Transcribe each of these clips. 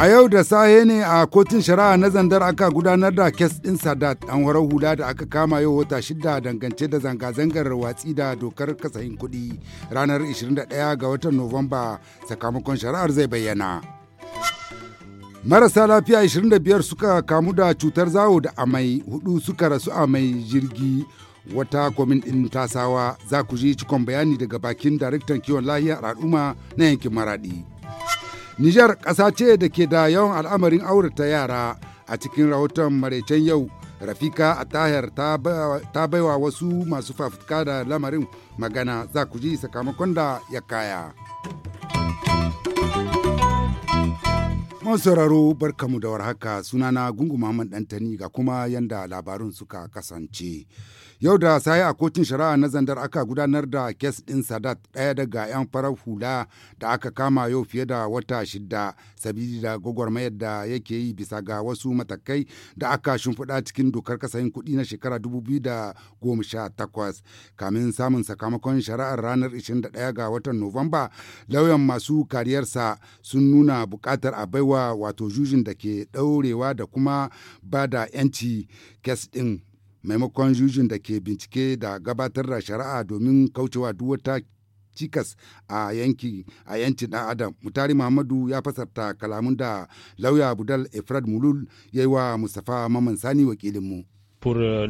A yau da sahe ne a kotun shari'a na zandar aka gudanar da kes ɗin Sadat an warar hula da aka kama yau wata shida dangance da zanga-zangar watsi da dokar kasahin kuɗi ranar 21 ga watan Nuwamba sakamakon shari'ar zai bayyana. Marasa lafiya 25 suka kamu da cutar zawo da amai, hudu suka rasu a mai jirgi wata kwamin ɗin tasawa za ku ji cikon bayani daga bakin daraktan kiwon lahiya al'umma na yankin maraɗi. Nijar ƙasa ce da ke da yawan al'amarin aurata yara a cikin rahoton maraicen yau Rafika a tahir ta baiwa wasu masu fafutuka da lamarin magana za ku ji sakamakon da ya kaya. sauraro barkamu da warhaka sunana gungu Muhammad Dantani ga kuma yanda labarun suka kasance. Yau da sai a kotun shari'a na zandar aka gudanar da kes ɗin Sadat ɗaya daga 'yan farar hula da aka kama yau fiye da wata shida sabili da gwagwarmayar da yake yi bisa ga wasu matakai da aka shimfiɗa cikin dokar kasayin kuɗi na shekara 2018 kamin samun sakamakon shari'ar ranar 21 ga watan Nuwamba lauyan masu kariyarsa sun nuna buƙatar a baiwa wato jujin da ke ɗaurewa da kuma ba da 'yanci kes ɗin maimakon jujin da ke bincike da gabatar da shari'a domin kaucewa duk wata cikas a yanki a yancin adam mutari muhammadu ya fasarta kalamun da lauya budal efrad mulul ya yi wa mustafa maman sani wakilinmu. mu Euh,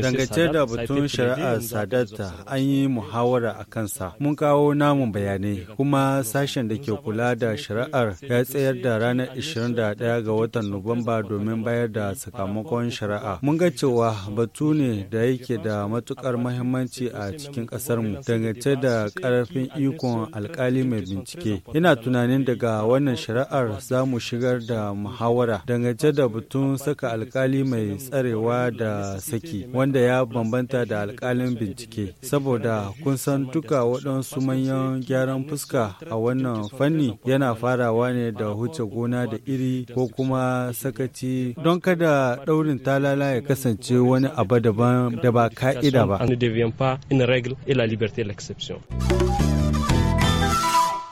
dangance da batun shari'ar Sadat an yi muhawara a kansa. Mun kawo namun bayanai kuma sashen da ke kula da shari'ar ya tsayar da ranar 21 ga watan Nuwamba domin bayar da sakamakon shari'a. Mun ga cewa batu ne da yake da matukar mahimmanci a cikin kasarmu dangance da karfin ikon alkali mai bincike. Ina tunanin daga wannan shari'ar za mu shigar da muhawara dangance da batun saka alkali mai tsarewa da da saki wanda ya bambanta da alkalin bincike saboda kun san duka waɗansu manyan gyaran fuska a wannan fanni yana farawa ne da huce gona da iri ko kuma sakaci don kada ɗaurin talala ya kasance wani abu daban da ba ka'ida ba.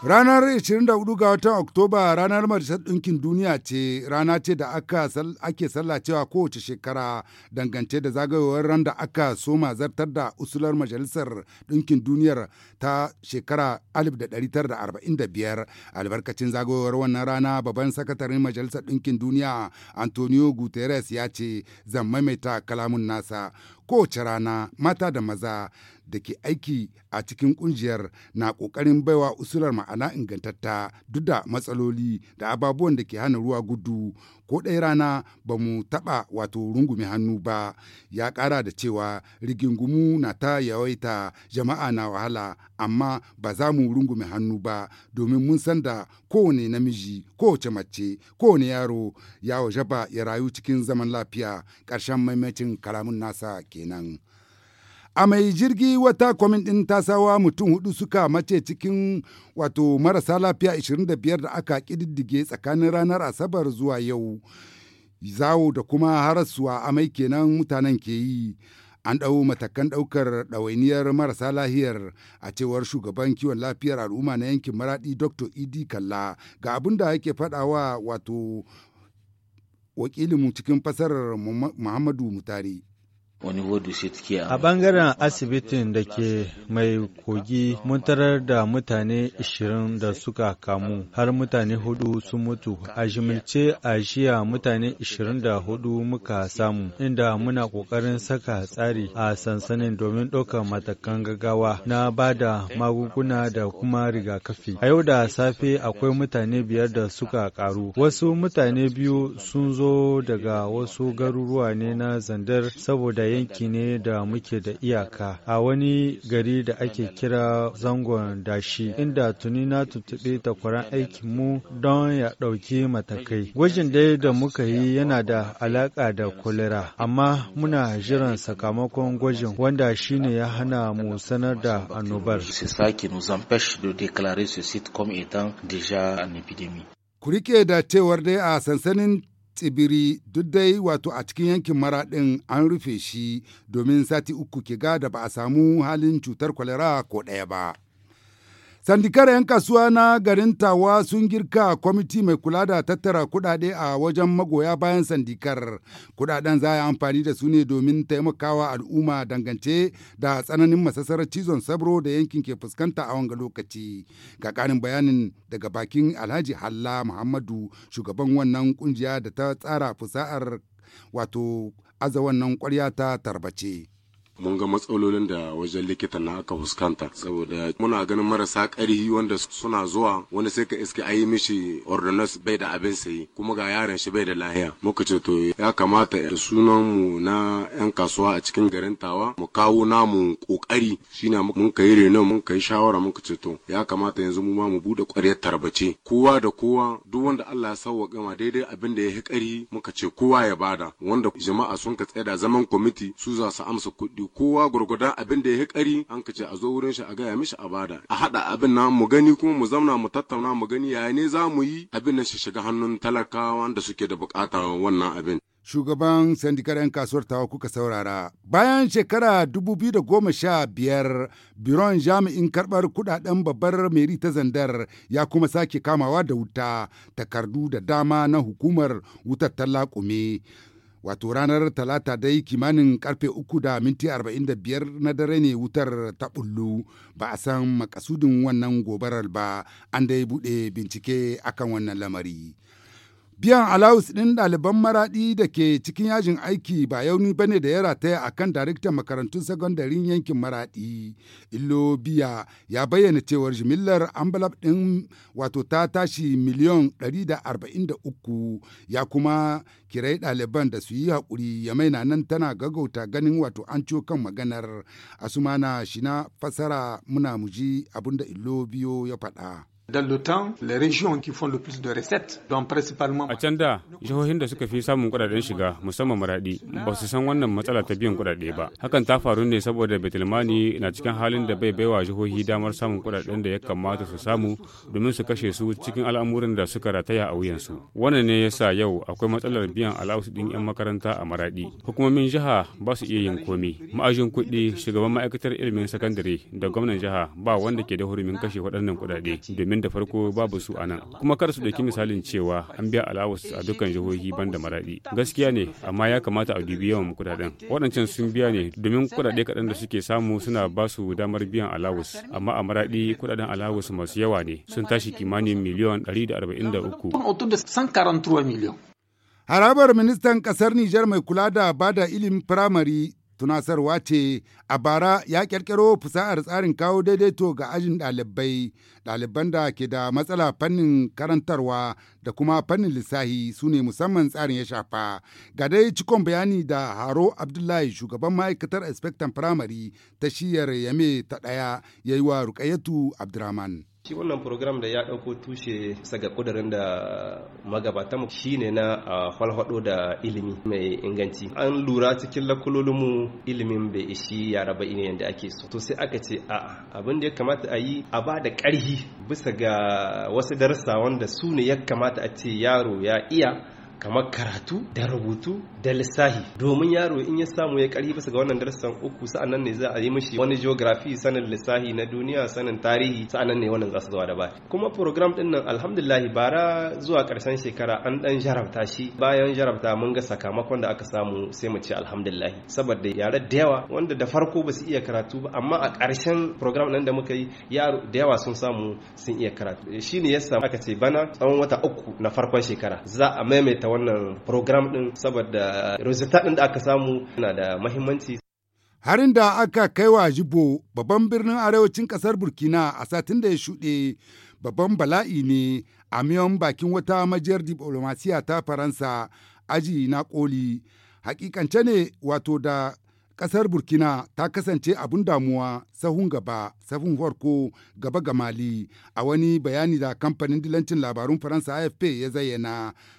Ranar 24 ga watan Oktoba ranar Majalisar Ɗinkin Duniya ce rana ce da aka ake sallacewa kowace shekara dangance da zagayowar ran da aka soma zartar da usular Majalisar Ɗinkin duniya ta shekara 1945 albarkacin zagayowar wannan rana babban sakataren Majalisar Ɗinkin Duniya Antonio Guterres ya ce zan maimaita kalamun nasa kowace rana mata da maza da ke aiki a cikin kungiyar na ƙoƙarin baiwa usular ma'ana ingantatta duk da matsaloli da ababuwan da ke hana ruwa gudu ko ɗaya rana ba mu taɓa wato rungume hannu ba ya ƙara da cewa rigingumu na ta yawaita jama'a na wahala amma ba za mu rungume hannu ba domin mun san da kowane namiji kowace mace kowane yaro ya ya rayu cikin zaman lafiya ƙarshen maimacin kalamun nasa kenan. a mai jirgi wata kwamin ɗin tasawa mutum hudu suka mace cikin wato marasa lafiya 25 da aka ƙididdige tsakanin ranar asabar zuwa yau zawo da kuma harasuwa amai kenan mutanen ke yi an ɗau matakan ɗaukar ɗawainiyar marasa lahiyar a cewar shugaban kiwon lafiyar al'umma na yankin maraɗi dr idi kalla ga abin da yake faɗawa wato wakilinmu cikin fasarar muhammadu mutare A bangaren asibitin da ke mai kogi mun tarar da mutane 20 da suka kamu har mutane hudu sun mutu. A jimilce a jiya mutane 24 muka samu inda muna ƙoƙarin saka tsari a sansanin domin ɗaukar matakan gaggawa na ba da magunguna da kuma rigakafi. A yau da safe akwai mutane biyar da suka karu, Wasu mutane biyu sun zo daga wasu garuruwa ne na zandar saboda yanki ne da muke da iyaka a wani gari da ake kira zangon dashi inda tuni na tuntuɓi takwaran aikin mu don ya ɗauki matakai. Gwajin dai da muka yi yana da alaƙa da kolera, amma muna jiran sakamakon gwajin wanda shi ne ya hana mu sanar da annobar. Ku riƙe da cewar dai a sansanin tsibiri duk dai wato a cikin yankin maraɗin an rufe shi domin sati uku ke ga da ba a samu halin cutar kwalera ko ɗaya ba. Sandikar 'yan kasuwa na garin Tawa sun girka kwamiti mai kula da tattara kuɗaɗe a wajen magoya bayan sandikar. kudaden za a amfani da su ne domin taimakawa al'umma dangance da tsananin masassarar cizon sabro da yankin ke fuskanta a wanga lokaci. Ga karin bayanin daga bakin Alhaji Halla Muhammadu shugaban wannan kungiya da ta tsara fusa'ar wato aza wannan ƙwarya ta tarbace. mun ga matsalolin da wajen likita na aka fuskanta saboda muna ganin marasa ƙarhi wanda suna zuwa wani sai ka iske ayi mishi ordonance bai da abin sayi kuma ga yaran shi bai da lahiya muka ce to ya kamata da sunan mu na yan kasuwa a cikin garin tawa mu kawo namu kokari shine mun kai reno mun kai shawara muka ce to ya kamata yanzu mu ma mu bude ƙwaryar tarbace kowa da kowa duk wanda Allah ya sauwa gama daidai abin da ya hi ƙari muka ce kowa ya bada wanda jama'a sun ka tsaya da zaman kwamiti su za su amsa kuɗi kowa gurguda abin da ya kari an a zo wurin shi a gaya mishi a bada a haɗa abin na mu gani kuma mu zauna mu tattauna mu gani yaya ne za mu yi abin nan shi shiga hannun talakawa da suke da bukatar wannan abin shugaban sandikar 'yan kasuwar tawa kuka saurara. Bayan shekara da sha biyar biron jami'in karɓar kudaden babbar meri ta zandar ya kuma sake kamawa da wuta takardu da dama na hukumar wutar tallakume. wato ranar talata dai kimanin karfe uku da minti arba'in da biyar na dare ne wutar ta bullu ba a san makasudin wannan gobarar ba an dai bude bincike akan wannan lamari Biyan alawus ɗin ɗaliban maraɗi da ke cikin yajin aiki ba yauni ba ne da ya rataya a kan daraktan makarantun sakandarin yankin maraɗi. Illo biya ya bayyana cewar jimillar ambalab ɗin wato ta tashi miliyon 143 ya kuma kirai ɗaliban da su yi haƙuri ya maina nan tana gagauta ganin wato an kan maganar asumana shi na fasara muna muji abinda illo biyo ya faɗa. A can da, jihohin da suka fi samun kudaden shiga, musamman maradi, ba su san wannan matsala ta biyan kudade ba. Hakan ta faru ne saboda Betulmani na cikin halin da bai baiwa jihohi damar samun kudaden da ya kamata su samu domin su kashe su cikin al'amuran da suka rataya a wuyansu. Wannan ne ya sa yau akwai matsalar biyan alawus din 'yan makaranta a maradi. Hukumomin jiha ba su iya yin komi. Ma'ajin kuɗi, shugaban ma'aikatar ilimin sakandare da gwamnan jiha ba wanda ke da hurumin kashe waɗannan kudade domin domin da farko babu su anan kuma kar su dauki misalin cewa an biya alawus a dukkan jihohi ban da maraɗi gaskiya ne amma ya kamata a dubi yawan kudaden waɗancan sun biya ne domin kudade kaɗan da suke samu suna ba su damar biyan alawus amma a maraɗi kudaden alawus masu yawa ne sun tashi kimanin miliyan 143 harabar ministan kasar nijar mai kula da bada ilimin firamari. tunasarwa ce a bara ya kirkiro fusahar tsarin kawo daidaito ga ajin ɗalibai ɗaliban da ke da matsala fannin karantarwa da kuma fannin lissahi su ne musamman tsarin ya shafa ga dai cikon bayani da haro abdullahi shugaban ma'aikatar inspectan primary ta shiyar yame ta ɗaya ya yi wa rukayetu abdurrahman shi wannan program da ya ɗauko tushe saga kudurin da magabata mu shine na a da ilimi mai inganci an lura cikin lakulolinmu ilimin bai ishi yara ba ne yadda ake so to sai aka ce a abin da ya kamata a yi a ba da ƙarhi bisa ga wasu darasa wanda su ne ya kamata a ce yaro ya iya kamar karatu da rubutu da lissahi domin yaro in ya samu ya karhi bisa ga wannan darasan uku sa'annan ne za a yi mishi wani geography sanin lissahi na duniya sanin tarihi sa'annan ne wannan za su zuwa da ba kuma program din nan alhamdulillah bara zuwa karshen shekara an dan jarabta shi bayan jarabta mun ga sakamakon da aka samu sai mu ce alhamdulillah saboda yare da yawa wanda da farko ba su iya karatu ba amma a karshen program nan da muka yi yaro da yawa sun samu sun iya karatu shine yasa aka ce bana tsawon wata uku na farkon shekara za a maimaita da wannan program din saboda result din da aka samu yana da mahimmanci harin da aka kai wa jibo babban birnin arewacin kasar burkina a satin da ya shuɗe babban bala'i ne a miyan bakin wata majiyar diplomasiya ta faransa aji na koli hakikance ne wato da kasar burkina ta kasance abun damuwa sahun gaba sahun farko gaba ga mali a wani bayani da kamfanin dilancin labarun faransa afp ya zayyana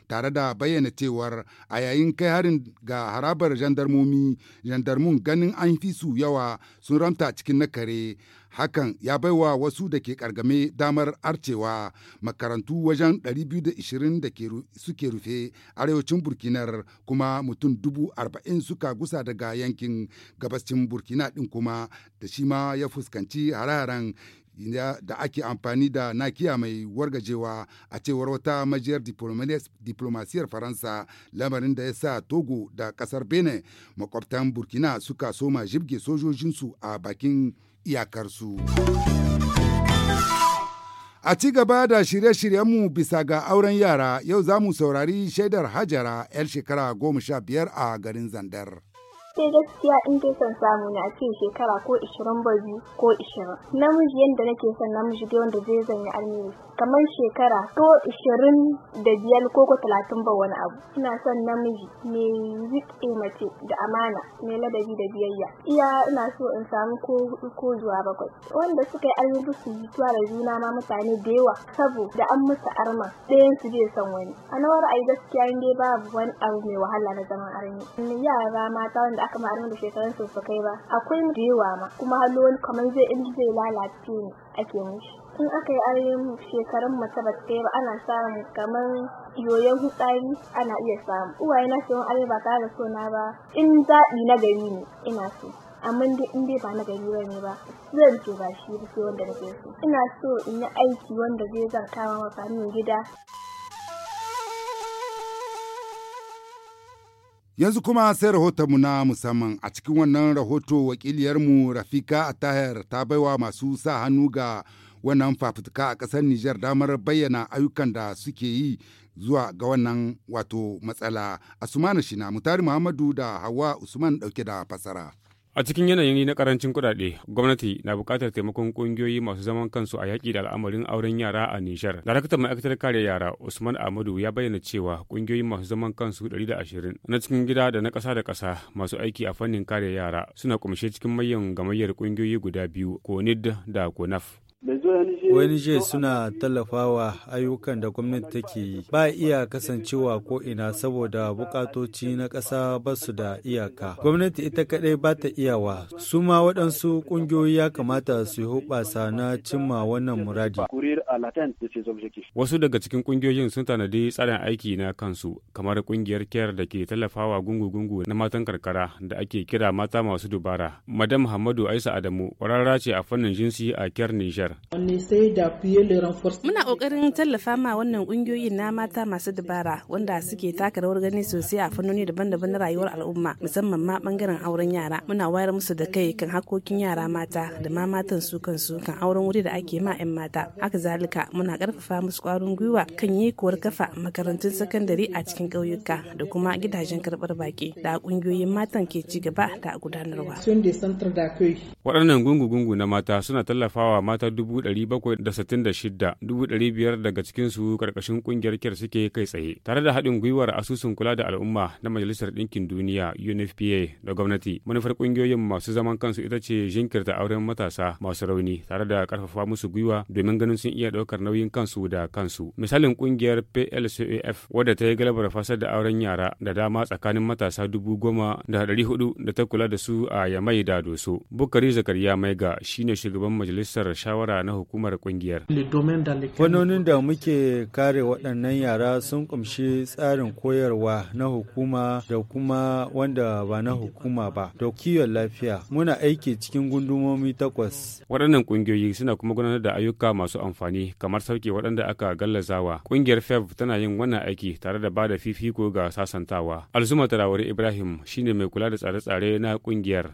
tare da bayyana cewar a yayin kai harin ga harabar jandarmomi jandarmun ganin an fi su yawa sun ramta cikin na kare hakan ya baiwa wasu da ke kargame damar arcewa makarantu wajen 220 da suke rufe arewacin burkinar kuma mutum dubu arba'in suka gusa daga yankin gabashin burkina din kuma da shi ma ya fuskanci hararen da ake amfani da nakiya mai wargajewa a cewar wata majiyar diplomasiyar faransa lamarin da ya sa togo da kasar benin makwabtan burkina suka soma jibge sojojinsu a bakin iyakarsu. A ci gaba da shirye-shiryenmu bisa ga auren yara, yau za mu saurari shaidar Hajara 'yar shekara goma sha biyar a garin Zandar. sai gaskiya in dai son samu na ce shekara ko 20 ko 20 namiji yadda nake son namiji dai wanda zai zanyi almiri kamar shekara ko 25 ko ko 30 ba wani abu ina son namiji mai riƙe mace da amana mai ladabi da biyayya iya ina so in samu ko hudu ko zuwa bakwai wanda suka yi arziki su jituwa da juna ma mutane da yawa saboda an musu arma ɗayan su zai san wani a na ra'ayi gaskiya in dai babu wani abu mai wahala na zaman arni yara mata wanda aka ma arma da shekarun su ba akwai da yawa ma kuma hallo wani kamar zai inda zai lalace ne ake mishi in aka yi ayoyin shekarun mace ba ta ba ana samu kamar yoyon hutsari ana iya samu uwaye na sayan ayoyi ba tare da so na ba in zaɓi na gari ne ina so amma dai in dai ba na gari ba ne ba zai rike ba shi ba sai wanda nake so ina so in yi aiki wanda zai zartawa wa gida Yanzu kuma sai rahotonmu na musamman a cikin wannan rahoto wakiliyarmu Rafika a Tahir ta baiwa masu sa hannu ga wannan fafutuka a ƙasar Nijar damar bayyana ayyukan da suke yi zuwa ga wannan wato matsala. Asumana Shina, Mutari Muhammadu da Hawa Usman ɗauke da fasara. A cikin yanayin na karancin kuɗaɗe, gwamnati na buƙatar taimakon ƙungiyoyi masu zaman kansu a yaƙi da al'amarin auren yara a Nijar. Daraktan ma'aikatar kare yara Usman Ahmadu ya bayyana cewa ƙungiyoyi masu zaman kansu 120 na cikin gida da na ƙasa da ƙasa masu aiki a fannin kare yara suna kumshe cikin mayan gamayyar ƙungiyoyi guda biyu, konid da ONG suna tallafawa ayyukan da gwamnati take yi. Ba iya kasancewa ko ina saboda bukatoci na ƙasa ba su da iyaka. Gwamnati ita kadai ba ta iyawa. Su ma waɗansu ƙungiyoyi ya kamata su yi hubasa na cimma wannan muradi. Wasu daga cikin ƙungiyoyin sun tanadi tsarin aiki na kansu kamar ƙungiyar kiyar da ke tallafawa gungu-gungu na matan karkara da ake kira mata masu dubara. Madam Hamadu Aisa Adamu ƙwararra ce a fannin jinsi a kiyar Nijar. Muna ƙoƙarin tallafa ma wannan ƙungiyoyin na mata masu dabara wanda suke taka rawar gani sosai a fannoni daban-daban na rayuwar al'umma musamman ma ɓangaren auren yara. Muna wayar musu da kai kan hakokin yara mata da ma matan su kansu kan auren wuri da ake ma 'yan mata. Haka zalika muna ƙarfafa musu ƙwarin gwiwa kan yi kuwar kafa makarantun sakandare a cikin ƙauyuka da kuma gidajen karbar baƙi da ƙungiyoyin matan ke ci gaba da gudanarwa. Waɗannan gungu-gungu na mata suna tallafawa mata dubu biyar daga cikinsu karkashin kungiyar kyar suke kai tsaye tare da haɗin gwiwar asusun kula da al'umma na majalisar ɗinkin duniya unfpa da gwamnati manufar kungiyoyin masu zaman kansu ita ce jinkirta auren matasa masu rauni tare da karfafa musu gwiwa domin ganin sun iya ɗaukar nauyin kansu da kansu misalin kungiyar plcaf wadda ta yi galabar fasar da auren yara da dama tsakanin matasa dubu goma da ɗari hudu da ta kula da su a yamai da doso bukari zakariya maiga shine shugaban majalisar shawara na hukumar kungiyar. Fannonin da muke kare waɗannan yara sun kumshi tsarin koyarwa na hukuma da kuma wanda ba na hukuma ba da lafiya. Muna aiki cikin gundumomi takwas. Waɗannan ƙungiyoyi suna kuma gudanar da ayyuka masu amfani kamar sauke waɗanda aka gallazawa. Ƙungiyar FEV tana yin wannan aiki tare da bada da fifiko ga sasantawa. Alzuma Tarawari Ibrahim shine mai kula da tsare-tsare na ƙungiyar.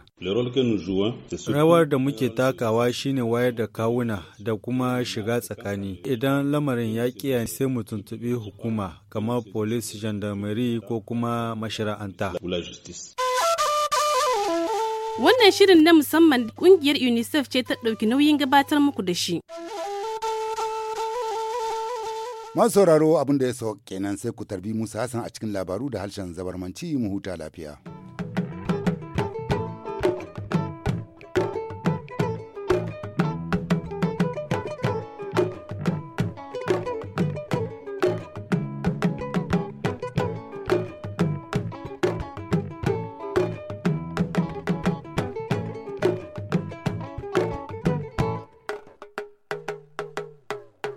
Rawar da muke takawa shine wayar da kawuna da kuma shiga tsakani idan lamarin ya kiya sai mu tuntuɓi hukuma kamar polis gendarmerie ko kuma mashara'anta wannan shirin na musamman kungiyar unicef ce ta ɗauki nauyin gabatar muku da shi masu sauraro abin da ya sau kenan sai ku tarbi musa hassan a cikin labaru da harshen zabarmanci mu huta lafiya